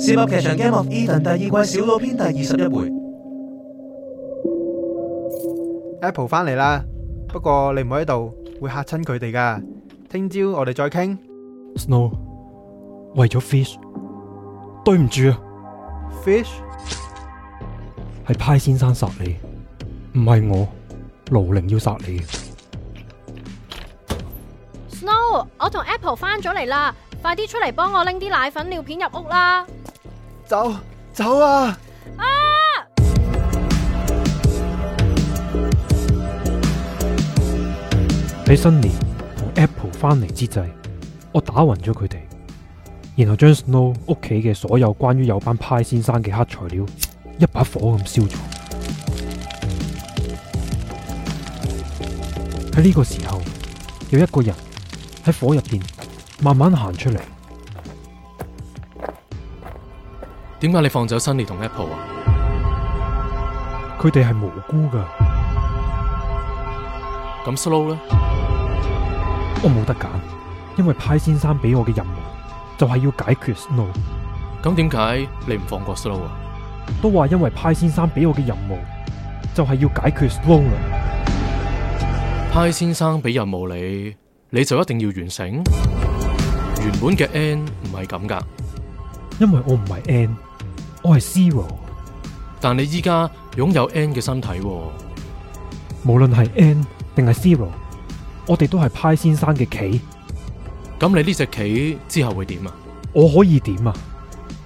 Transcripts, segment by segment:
《涉獵劇場》Game of Eden 第二季小島篇第二十一回。Apple 翻嚟啦，不過你唔好喺度，會吓親佢哋㗎。聽朝我哋再傾。Snow，為咗 Fish，對唔住啊。Fish，係 Pi 先生殺你，唔係我，盧零要殺你。Snow，我同 Apple 翻咗嚟啦！快啲出嚟幫我拎啲奶粉、尿片入屋啦。走走啊！喺、啊、Sunnie 同 Apple 翻嚟之際，我打暈咗佢哋，然後將 Snow 屋企嘅所有關於有班 Pi 先生嘅黑材料一把火咁燒咗。喺呢個時候，有一個人喺火入面慢慢行出嚟。點解你放走 Sunnie 同 Apple 啊？佢哋係無辜噶。咁 Snow 呢？我冇得揀，因為 Pi 先生俾我嘅任務就係要解決 Snow。咁點解你唔放過 Snow 啊？都話因為 Pi 先生俾我嘅任務就係要解決 Snow 啊。Pi 先生俾任務你，你就一定要完成。原本嘅 N 唔係咁噶，因為我唔係 N。我係 Zero，但你依家擁有 N 嘅身體喎，無論係 N 定係 Zero，我哋都係 Pi 先生嘅棋。咁你呢隻棋之後會點啊？我可以點啊？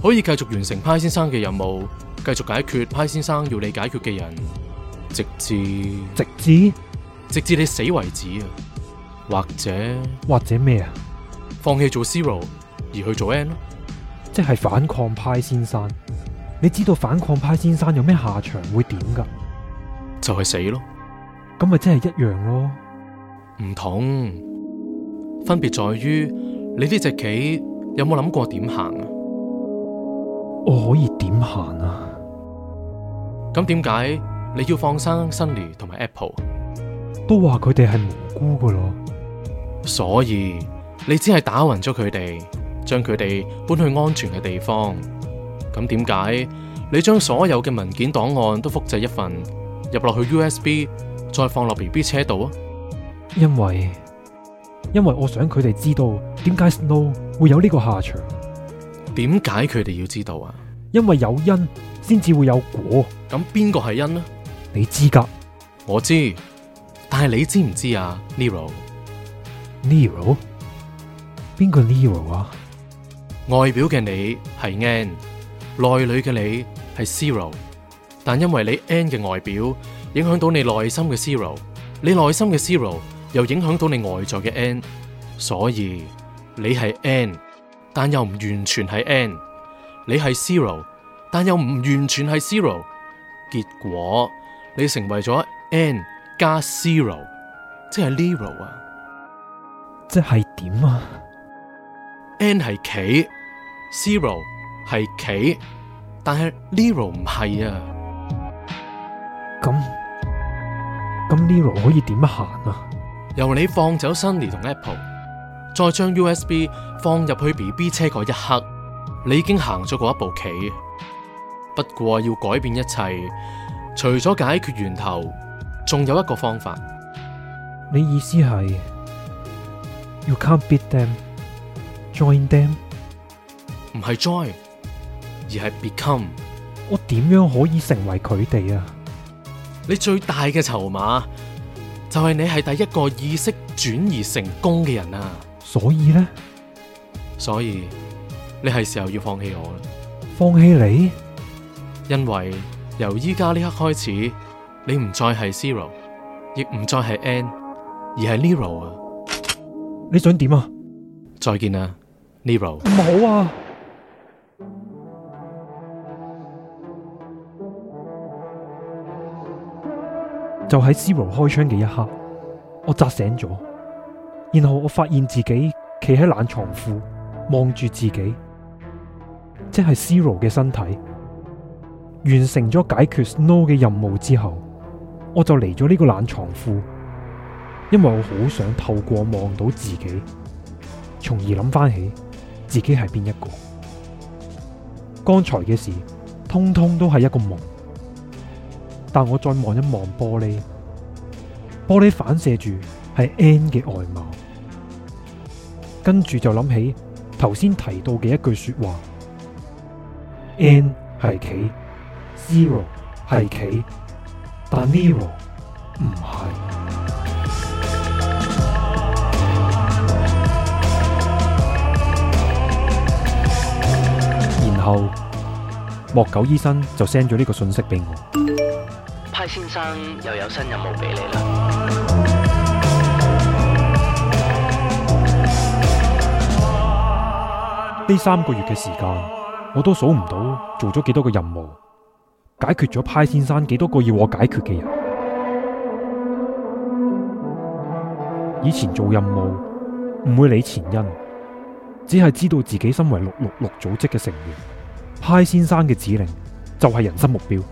可以繼續完成 Pi 先生嘅任務，繼續解決 Pi 先生要你解決嘅人，直至直至直至你死為止啊！或者或者咩啊？放棄做 Zero 而去做 N 咯？即係反抗 Pi 先生，你知道反抗 Pi 先生有咩下場會點噶？就係死咯。咁咪真係一樣咯。唔同，分別在於你呢隻棋有冇諗過點行啊？我可以點行啊？咁點解你要放生 Sunnie 同埋 Apple？都話佢哋係無辜噶咯。所以你只係打暈咗佢哋。將佢哋搬去安全嘅地方。咁點解你將所有嘅文件檔案都複製一份入落去 USB，再放落 BB 車度啊？因為因為，我想佢哋知道點解 Snow 會有呢個下場。點解佢哋要知道啊？因為有因先至會有果。咁邊個係因呢？你知噶？我知，但係你知唔知啊？Nero，Nero，邊個 Nero 啊？外表嘅你係 n，內裡嘅你係 zero，但因為你 n 嘅外表影響到你內心嘅 zero，你內心嘅 zero 又影響到你外在嘅 n，所以你係 n，但又唔完全係 n，你係 zero，但又唔完全係 zero，結果你成為咗 n 加 zero，即係 Nero 啊，即係點啊？n 係棋。Zero 係棋，但係 Nero 唔係啊！咁咁，Nero 可以點行啊？由你放走 Sunnie 同 Apple，再將 USB 放入去 BB 車嗰一刻，你已經行咗過一步棋。不過要改變一切，除咗解決源頭，仲有一個方法。你意思係 you can't beat them, join them. 唔係 Join，而係 Become。我點樣可以成為佢哋啊？你最大嘅籌碼就係，你係第一個意識轉移成功嘅人啊！所以咧，所以你係時候要放棄我啦。放棄你，因為由依家呢刻開始，你唔再係 Zero，亦唔再係 N，而係 Nero 啊！你想點啊？再見啊 Nero！唔好啊！就喺 Zero 開槍嘅一刻，我紮醒咗，然後我發現自己企喺冷藏庫，望住自己，即係 Zero 嘅身體。完成咗解決 Snow 嘅任務之後，我就嚟咗呢個冷藏庫，因為我好想透過望到自己，從而諗返起自己係邊一個。剛才嘅事，通通都係一個夢。但我再望一望玻璃，玻璃反射住係 N 嘅外貌，跟住就諗起頭先提到嘅一句說話：N 係棋，Zero 係棋，但 Nero 唔係。然後莫九醫生就 send 咗呢個信息俾我。Pi 先生又有新任務俾你啦！呢三個月嘅時間，我都數唔到做咗幾多個任務，解決咗 Pi 先生幾多個要我解決嘅人。以前做任務唔會理前因，只係知道自己身為六六六組織嘅成員，Pi 先生嘅指令就係人生目標。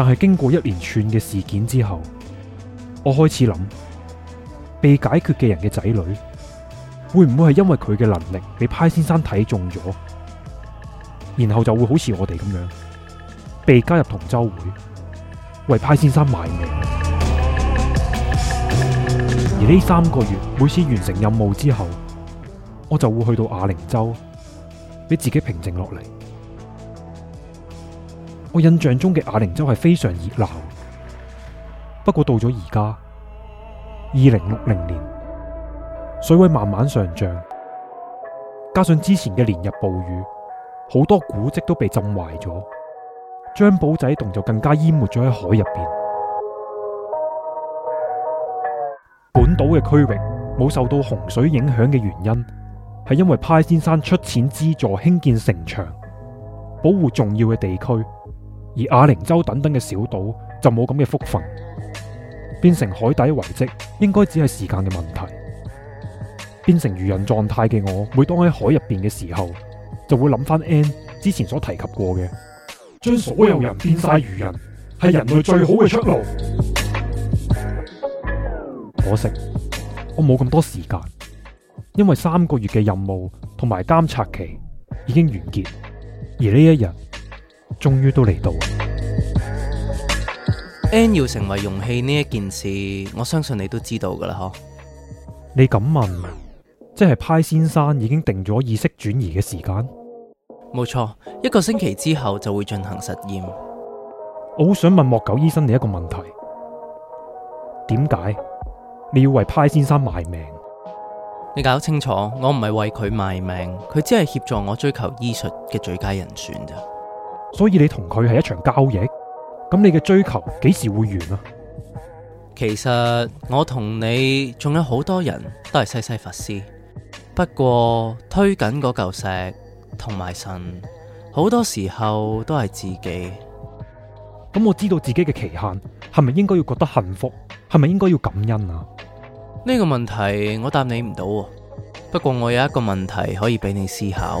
但係經過一連串嘅事件之後，我開始諗，被解決嘅人嘅仔女，會唔會係因為佢嘅能力俾派先生睇中咗，然後就會好似我哋咁樣，被加入同州會，為派先生賣命。而呢三個月每次完成任務之後，我就會去到亞零州，俾自己平靜落嚟。我印象中嘅亞陵州係非常熱鬧，不過到咗而家，二零六零年，水位慢慢上漲，加上之前嘅連日暴雨，好多古蹟都被浸壞咗，張寶仔洞就更加淹沒咗喺海入邊。本島嘅區域冇受到洪水影響嘅原因，係因為派先生出錢資助興建城牆，保護重要嘅地區。而亞靈州等等嘅小島就冇咁嘅福分，變成海底遺跡應該只係時間嘅問題。變成魚人狀態嘅我，每當喺海入邊嘅時候，就會諗翻 N 之前所提及過嘅，將所有人變晒魚人係人類最好嘅出路。可惜我冇咁多時間，因為三個月嘅任務同埋監察期已經完結，而呢一日。終於都嚟到。N 要成為容器呢一件事，我相信你都知道噶啦。嗬，你敢問，即係派先生已經定咗意識轉移嘅時間？冇錯，一個星期之後就會進行實驗。我好想問莫九醫生你一個問題，點解你要為派先生賣命？你搞清楚，我唔係為佢賣命，佢只係協助我追求醫術嘅最佳人選所以你同佢係一場交易，咁你嘅追求幾時會完啊？其實我同你仲有好多人都係西西弗斯，不過推緊嗰嚿石同埋神，好多時候都係自己。咁我知道自己嘅期限，係咪應該要覺得幸福？係咪應該要感恩啊？呢個問題我答你唔到，不過我有一個問題可以俾你思考。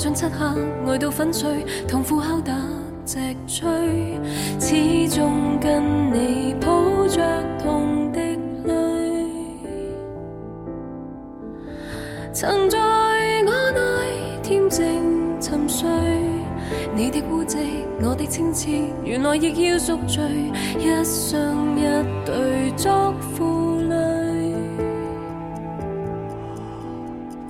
盡漆黑，愛到粉碎，痛苦敲打脊椎，始終跟你抱着痛的淚。曾在我內恬靜沉睡，你的孤寂，我的清澈，原來亦要贖罪，一雙一對祝福。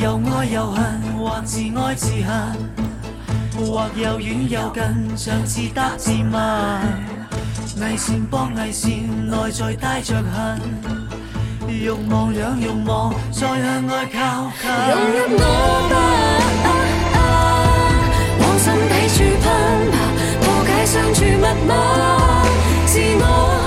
又愛又恨，或自愛自恨，或又遠又近，像自答自問。偽善幫偽善，內在帶着恨，欲望養欲望，再向外靠近。融入我吧，往心底處攀爬，破解相處密碼，是我。